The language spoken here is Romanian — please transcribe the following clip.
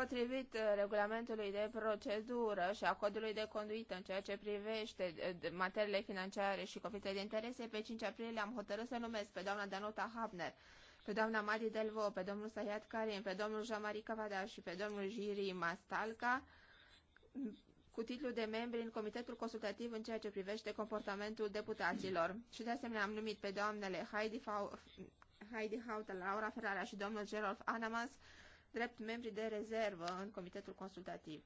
Potrivit uh, regulamentului de procedură și a codului de conduită în ceea ce privește uh, materiile financiare și conflicte de interese, pe 5 aprilie am hotărât să numesc pe doamna Danuta Habner, pe doamna Madi Delvo, pe domnul Sayat Karim, pe domnul Jamari Cavada și pe domnul Jiri Mastalca cu titlul de membri în Comitetul Consultativ în ceea ce privește comportamentul deputaților. Și de asemenea am numit pe doamnele Heidi, Fau, Heidi Hautel, Laura Ferrara și domnul Gerolf Anamas drept membri de rezervă în Comitetul Consultativ.